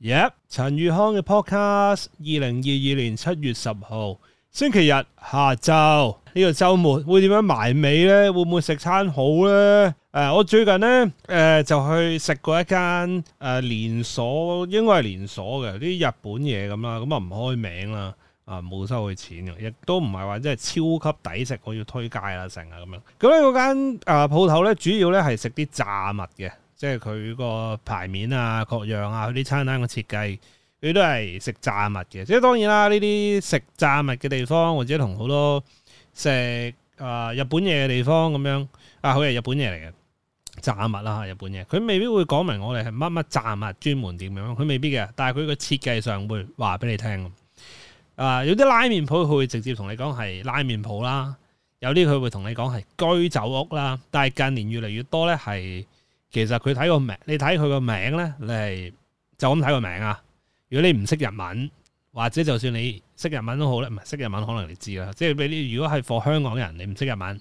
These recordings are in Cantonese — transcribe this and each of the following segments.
耶！陳宇、yep, 康嘅 podcast，二零二二年七月十號星期日下晝呢、這個周末會點樣埋尾呢？會唔會食餐好呢？誒、呃，我最近呢，誒、呃、就去食過一間誒、呃、連鎖，應該係連鎖嘅啲日本嘢咁啦，咁啊唔開名啦，啊冇收佢錢嘅，亦都唔係話真係超級抵食，我要推介啦成日咁樣。咁呢嗰間誒鋪頭咧，呃、主要呢係食啲炸物嘅。即係佢個牌面啊、各樣啊、佢啲餐單嘅設計，佢都係食炸物嘅。即係當然啦，呢啲食炸物嘅地方，或者同好多食啊、呃、日本嘢嘅地方咁樣啊，佢係日本嘢嚟嘅炸物啦、啊、日本嘢。佢未必會講明我哋係乜乜炸物專門點樣，佢未必嘅。但係佢個設計上會話俾你聽。啊、呃，有啲拉麵鋪佢會直接同你講係拉麵鋪啦，有啲佢會同你講係居酒屋啦。但係近年越嚟越多咧係。其實佢睇個名，你睇佢個名咧，你係就咁睇個名啊！如果你唔識日文，或者就算你識日文都好咧，唔係識日文可能你知啦。即係你如果係 for 香港人，你唔識日文，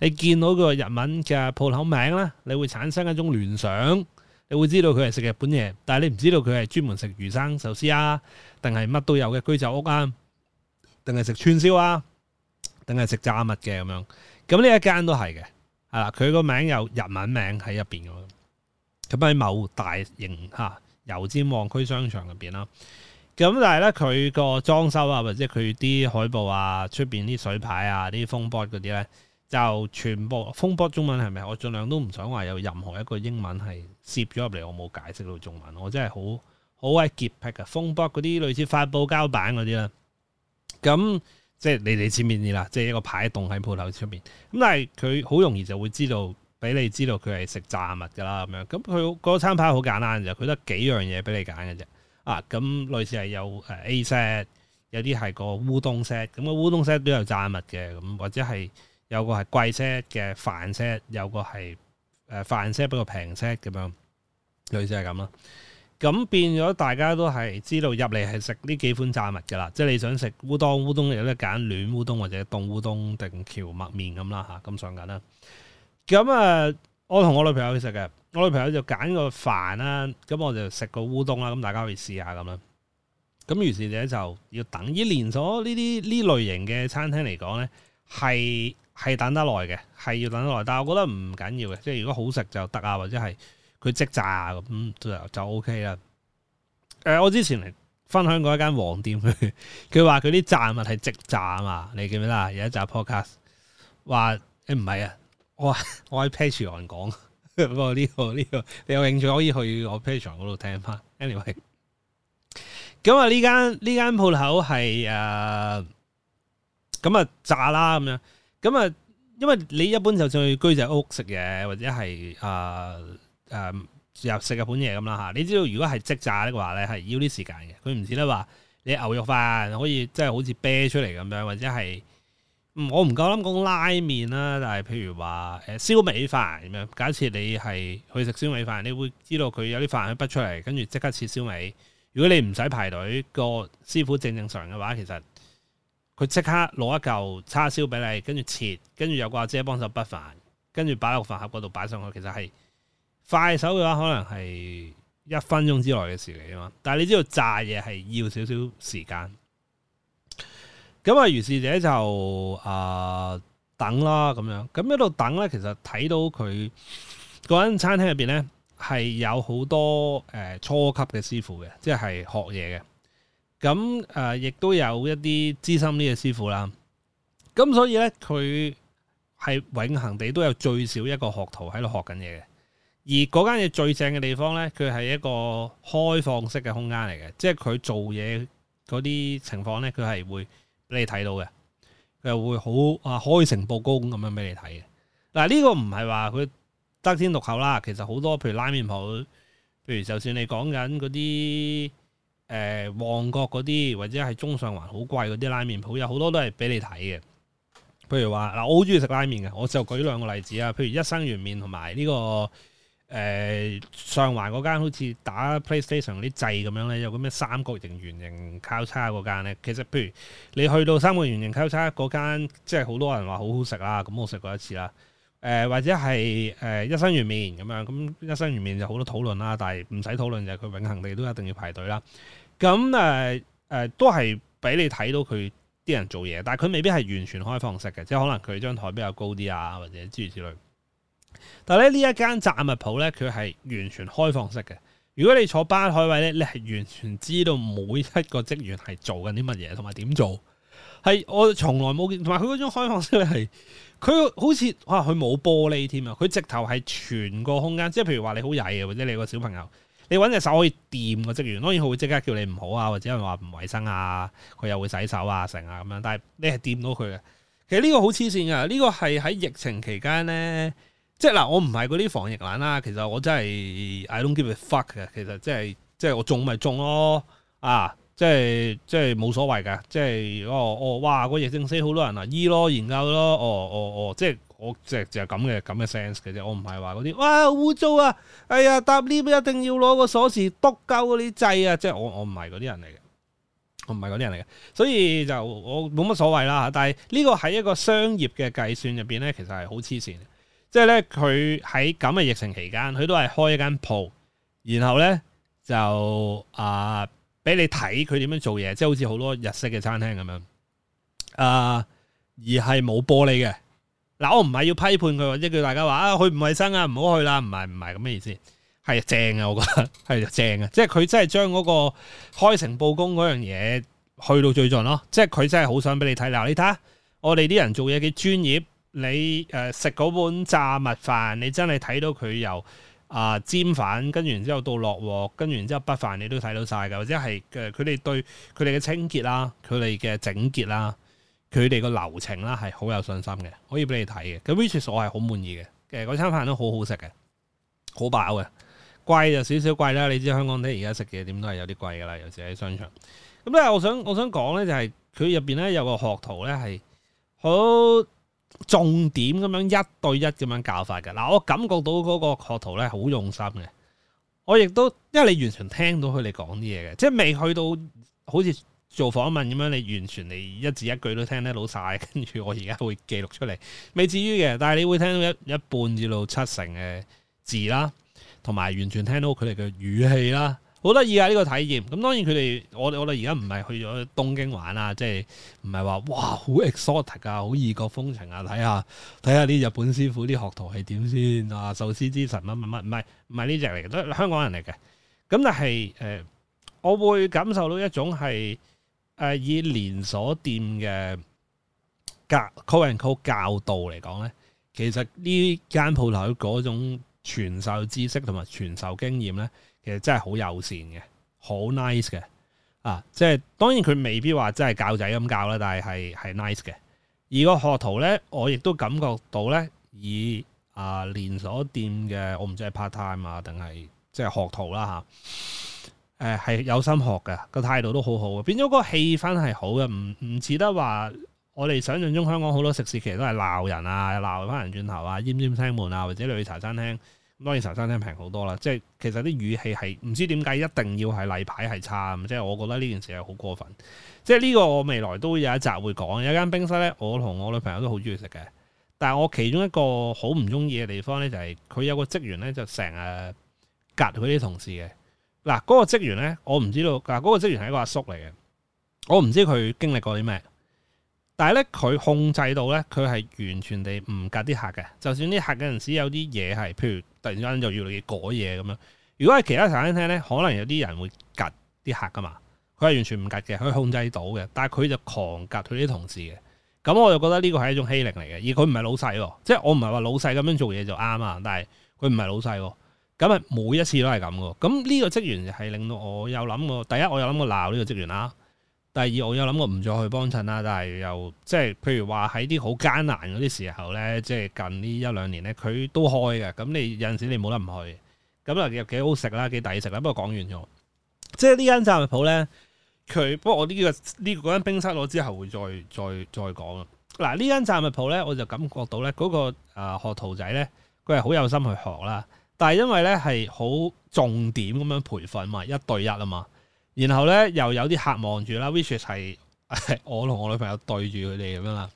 你見到個日文嘅鋪頭名咧，你會產生一種聯想，你會知道佢係食日本嘢，但係你唔知道佢係專門食魚生壽司啊，定係乜都有嘅居酒屋啊，定係食串燒啊，定係食炸物嘅咁樣。咁呢一間都係嘅，係啦，佢個名有日文名喺入邊。咁喺、嗯、某大型吓、啊、油尖旺區商場入邊啦，咁但係呢佢個裝修啊，或者佢啲海報啊、出邊啲水牌啊、啲風波嗰啲咧，就全部風波中文係咪？我盡量都唔想話有任何一個英文係攝咗入嚟，我冇解釋到中文，我真係好好鬼潔癖嘅風波嗰啲類似發泡膠板嗰啲啦。咁即係你哋前面啲啦？即係一個牌棟喺鋪頭出邊，咁但係佢好容易就會知道。你哋知道佢係食炸物噶啦，咁樣咁佢嗰個餐牌好簡單，就佢得幾樣嘢俾你揀嘅啫啊！咁類似係有誒 A set，有啲係個烏冬 set，咁個烏冬 set 都有炸物嘅，咁或者係有個係貴 set 嘅飯 set，有個係誒飯 set 比較平 set 咁樣，類似係咁啦。咁變咗大家都係知道入嚟係食呢幾款炸物噶啦，即係你想食烏冬，烏冬有得揀，暖烏冬或者凍烏冬定蕎麥麵咁啦吓。咁上緊啦。咁啊！我同我女朋友去食嘅，我女朋友就揀個飯啦、啊，咁我就食個烏冬啦、啊，咁大家可以試下咁啦、啊。咁於是咧就要等，以連鎖呢啲呢類型嘅餐廳嚟講咧，係係等得耐嘅，係要等得耐。但係我覺得唔緊要嘅，即係如果好食就得啊，或者係佢即炸啊咁、嗯、就就 OK 啦。誒、呃，我之前分享過一間黃店，佢話佢啲炸物係即炸啊嘛，你記唔記得啊？有一集 podcast 話誒唔、欸、係啊。哇我我喺 Patreon 上講，不、這個呢個呢個，你有興趣可以去我 Patreon 上嗰度聽翻。Anyway，咁啊呢間呢間鋪頭係誒，咁啊、呃、炸啦咁樣，咁啊，因為你一般就算去居酒屋食嘢，或者係誒誒入食日本嘢咁啦吓。你知道如果係即炸嘅話咧，係要啲時間嘅。佢唔似得話你牛肉飯可以即係好似啤出嚟咁樣，或者係。我唔夠膽講拉麵啦，但係譬如話誒燒味飯咁樣。假設你係去食燒味飯，你會知道佢有啲飯佢不出嚟，跟住即刻切燒味。如果你唔使排隊，個師傅正正常嘅話，其實佢即刻攞一嚿叉燒俾你，跟住切，跟住有個阿姐幫手畢飯，跟住擺落飯盒嗰度擺上去，其實係快手嘅話，可能係一分鐘之內嘅事嚟啊嘛。但係你知道炸嘢係要少少時間。咁啊，於是者就啊、呃、等啦，咁樣咁喺度等咧，其實睇到佢嗰間餐廳入邊咧，係有好多誒、呃、初級嘅師傅嘅，即係學嘢嘅。咁誒、呃，亦都有一啲資深啲嘅師傅啦。咁所以咧，佢係永恒地都有最少一個學徒喺度學緊嘢嘅。而嗰間嘢最正嘅地方咧，佢係一個開放式嘅空間嚟嘅，即係佢做嘢嗰啲情況咧，佢係會。俾你睇到嘅，佢又會好啊開誠布公咁樣俾你睇嘅。嗱、啊、呢、這個唔係話佢得天獨厚啦，其實好多譬如拉麵鋪，譬如就算你講緊嗰啲誒旺角嗰啲或者係中上環好貴嗰啲拉麵鋪，有好多都係俾你睇嘅。譬如話嗱、啊，我好中意食拉麵嘅，我就舉兩個例子啊。譬如一生源麵同埋呢個。誒、呃、上環嗰間好似打 PlayStation 啲掣咁樣咧，有個咩三角形、圓形交叉嗰間咧，其實譬如你去到三角形、圓形交叉嗰間，即係好多人話好好食啦，咁我食過一次啦。誒、呃、或者係誒、呃、一生圓麵咁樣，咁一生圓麵就好多討論啦，但係唔使討論就係、是、佢永恆地都一定要排隊啦。咁誒誒都係俾你睇到佢啲人做嘢，但係佢未必係完全開放式嘅，即係可能佢張台比較高啲啊，或者諸如此類,之類。但係呢一間雜物鋪咧，佢係完全開放式嘅。如果你坐吧台位咧，你係完全知道每一個職員係做緊啲乜嘢同埋點做。係我從來冇見，同埋佢嗰種開放式係，佢好似哇佢冇玻璃添啊，佢直頭係全個空間。即係譬如話你好曳啊，或者你個小朋友，你搵隻手可以掂個職員，當然佢會即刻叫你唔好啊，或者係話唔衛生啊，佢又會洗手啊成啊咁樣。但係你係掂到佢嘅。其實呢個好黐線噶，呢個係喺疫情期間咧。即係嗱，我唔係嗰啲防疫難啦，其實我真係 I don't give a fuck 嘅，其實即係即係我中咪中咯。啊，即係即係冇所謂嘅，即係哦哦，哇、哦，個疫症死好多人啊，醫咯研究咯，哦哦哦，即係我就就係咁嘅咁嘅 sense 嘅啫，我唔係話嗰啲哇污糟啊，哎呀搭 lift 一定要攞個鎖匙篤鳩嗰啲掣啊，即係我我唔係嗰啲人嚟嘅，我唔係嗰啲人嚟嘅，所以就我冇乜所謂啦，但係呢個喺一個商業嘅計算入邊咧，其實係好黐線。即係咧，佢喺咁嘅疫情期間，佢都係開一間鋪，然後咧就啊，俾、呃、你睇佢點樣做嘢，即係好似好多日式嘅餐廳咁樣，呃、而啊而係冇玻璃嘅。嗱，我唔係要批判佢或者叫大家話啊，去唔衛生啊，唔好去啦，唔係唔係咁嘅意思，係正啊，我覺得係正啊，即係佢真係將嗰個開誠布公嗰樣嘢去到最盡咯，即係佢真係好想俾你睇。嗱、呃，你睇下我哋啲人做嘢嘅專業。你誒、呃、食嗰碗炸物飯，你真係睇到佢由啊煎飯，跟完之後到落鑊，跟完之後不飯，你都睇到晒嘅，或者係嘅。佢、呃、哋對佢哋嘅清潔啦，佢哋嘅整潔啦，佢哋嘅流程啦係好有信心嘅，可以俾你睇嘅。咁 which is 我係好滿意嘅，嗰餐飯都好好食嘅，好飽嘅，貴就少少貴啦。你知香港睇而家食嘅點都係有啲貴噶啦，尤其是喺商場。咁咧，我想我想講咧就係佢入邊咧有個學徒咧係好。重點咁樣一對一咁樣教法嘅嗱，我感覺到嗰個學徒咧好用心嘅，我亦都因為你完全聽到佢哋講啲嘢嘅，即係未去到好似做訪問咁樣，你完全你一字一句都聽得到晒，跟住我而家會記錄出嚟，未至於嘅，但係你會聽到一一半至到七成嘅字啦，同埋完全聽到佢哋嘅語氣啦。好得意啊！呢、這個體驗咁，當然佢哋我我哋而家唔係去咗東京玩是是啊，即係唔係話哇好 exotic 啊，好異國風情啊，睇下睇下啲日本師傅啲學徒係點先啊，壽司之神乜乜乜，唔係唔係呢隻嚟嘅，都係香港人嚟嘅。咁但係誒、呃，我會感受到一種係誒、呃、以連鎖店嘅教 call and call 教導嚟講咧，其實呢間鋪頭嗰種。傳授知識同埋傳授經驗咧，其實真係好友善嘅，好 nice 嘅啊！即係當然佢未必話真係教仔咁教啦，但係係係 nice 嘅。而個學徒咧，我亦都感覺到咧，以啊連鎖店嘅，我唔知係 part time 啊，定係即係學徒啦、啊、嚇。誒、啊、係有心學嘅，個態度都好好嘅，變咗個氣氛係好嘅，唔唔似得話我哋想像中香港好多食肆其實都係鬧人啊，鬧返人轉頭啊，閂閂聲門啊，或者你去茶餐廳。當然茶餐廳平好多啦，即係其實啲語氣係唔知點解一定要係例牌係差，即係我覺得呢件事係好過分。即係呢個我未來都有一集會講，有間冰室咧，我同我女朋友都好中意食嘅，但係我其中一個好唔中意嘅地方咧就係佢有個職員咧就成日隔佢啲同事嘅。嗱，嗰個職員咧，我唔知道。嗱，嗰個職員係一個阿叔嚟嘅，我唔知佢經歷過啲咩。但係咧，佢控制到咧，佢係完全地唔夾啲客嘅。就算啲客有陣時有啲嘢係，譬如突然間就越嚟越改嘢咁樣。如果係其他茶餐廳咧，可能有啲人會夾啲客噶嘛。佢係完全唔夾嘅，佢控制到嘅。但係佢就狂夾佢啲同事嘅。咁我就覺得呢個係一種欺凌嚟嘅，而佢唔係老細喎。即係我唔係話老細咁樣做嘢就啱啊。但係佢唔係老細喎。咁啊每一次都係咁嘅。咁呢個職員係令到我有諗過。第一我有諗過鬧呢個職員啦。第二，我有諗過唔再去幫襯啦，但係又即係，譬如話喺啲好艱難嗰啲時候咧，即係近呢一兩年咧，佢都開嘅。咁你有陣時你冇得唔去，咁啊又幾好食啦，幾抵食啦。不過講完咗，即係呢間炸物鋪咧，佢不過我呢、呢個呢嗰間冰室，我之後會再再再講啊。嗱，呢間炸物鋪咧，我就感覺到咧嗰個啊學徒仔咧，佢係好有心去學啦，但係因為咧係好重點咁樣培訓嘛，一對一啊嘛。然後咧又有啲客望住啦，which 係係我同我女朋友對住佢哋咁樣啦。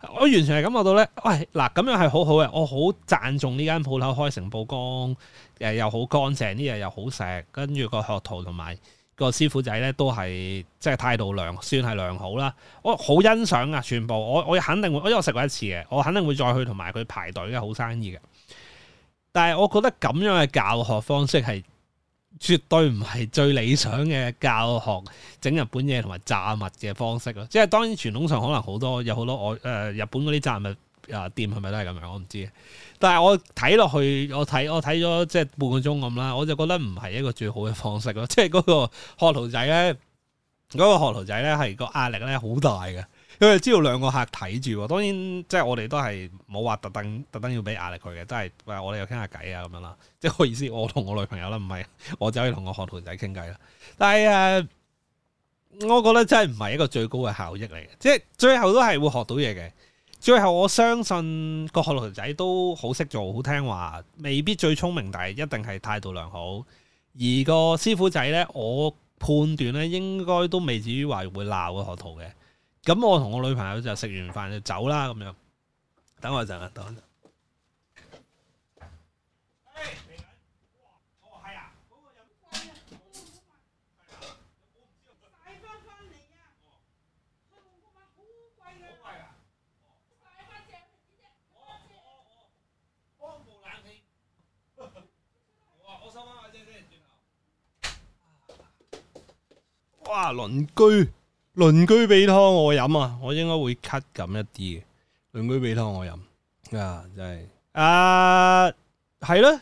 我完全係感覺到咧，喂嗱咁樣係好好嘅，我好贊重呢間鋪頭開成曝光，誒又好乾淨，啲嘢又好食，跟住個學徒同埋個師傅仔咧都係即係態度良，算係良好啦。我好欣賞啊，全部我我肯定會，因為我食過一次嘅，我肯定會再去同埋佢排隊嘅好生意嘅。但係我覺得咁樣嘅教學方式係。絕對唔係最理想嘅教學整日本嘢同埋炸物嘅方式咯，即係當然傳統上可能好多有好多我誒、呃、日本嗰啲炸物啊店係咪都係咁樣？我唔知，但係我睇落去，我睇我睇咗即係半個鐘咁啦，我就覺得唔係一個最好嘅方式咯，即係嗰個學徒仔咧，嗰個學徒仔咧係個壓力咧好大嘅。佢哋知道兩個客睇住，當然即係我哋都係冇話特登特登要俾壓力佢嘅，都係喂，我哋又傾下偈啊咁樣啦。即係我意思，我同我女朋友啦，唔係我就可以同我學徒仔傾偈啦。但係誒、呃，我覺得真係唔係一個最高嘅效益嚟嘅，即係最後都係會學到嘢嘅。最後我相信個學徒仔都好識做好聽話，未必最聰明，但係一定係態度良好。而個師傅仔咧，我判斷咧應該都未至於話會鬧個學徒嘅。咁我同我女朋友就食完飯就走啦，咁樣。等我陣啊，等我。哇！鄰居。鄰居畀湯我飲啊，我應該會 cut 緊一啲嘅。鄰居畀湯我飲啊，真係啊係咯，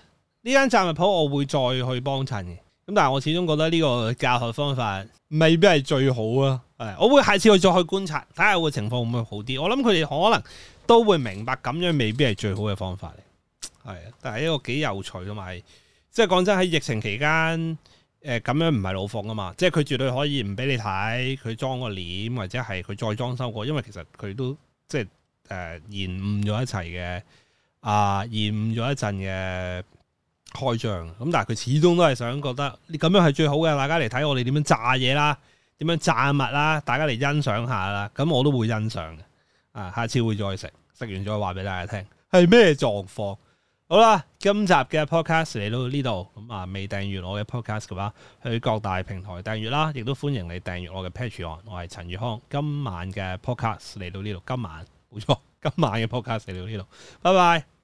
呢間炸物鋪我會再去幫襯嘅。咁但係我始終覺得呢個教學方法未必係最好啊。係，我會下次去再去觀察，睇下個情況會唔會好啲。我諗佢哋可能都會明白咁樣未必係最好嘅方法嚟。係啊，但係呢個幾有趣同埋，即係講真喺疫情期間。誒咁樣唔係老奉啊嘛，即係佢絕對可以唔俾你睇，佢裝個簾或者係佢再裝修過，因為其實佢都即係誒、呃、延誤咗一齊嘅，啊、呃、延誤咗一陣嘅開張，咁但係佢始終都係想覺得你咁樣係最好嘅，大家嚟睇我哋點樣炸嘢啦，點樣炸物啦，大家嚟欣賞下啦，咁我都會欣賞嘅，啊下次會再食，食完再話俾大家聽係咩狀況。好啦，今集嘅 podcast 嚟到呢度，咁啊未訂閱我嘅 podcast 嘅話，去各大平台訂閱啦，亦都歡迎你訂閱我嘅 Patreon。我係陳宇康，今晚嘅 podcast 嚟到呢度，今晚，冇錯，今晚嘅 podcast 嚟到呢度，拜拜。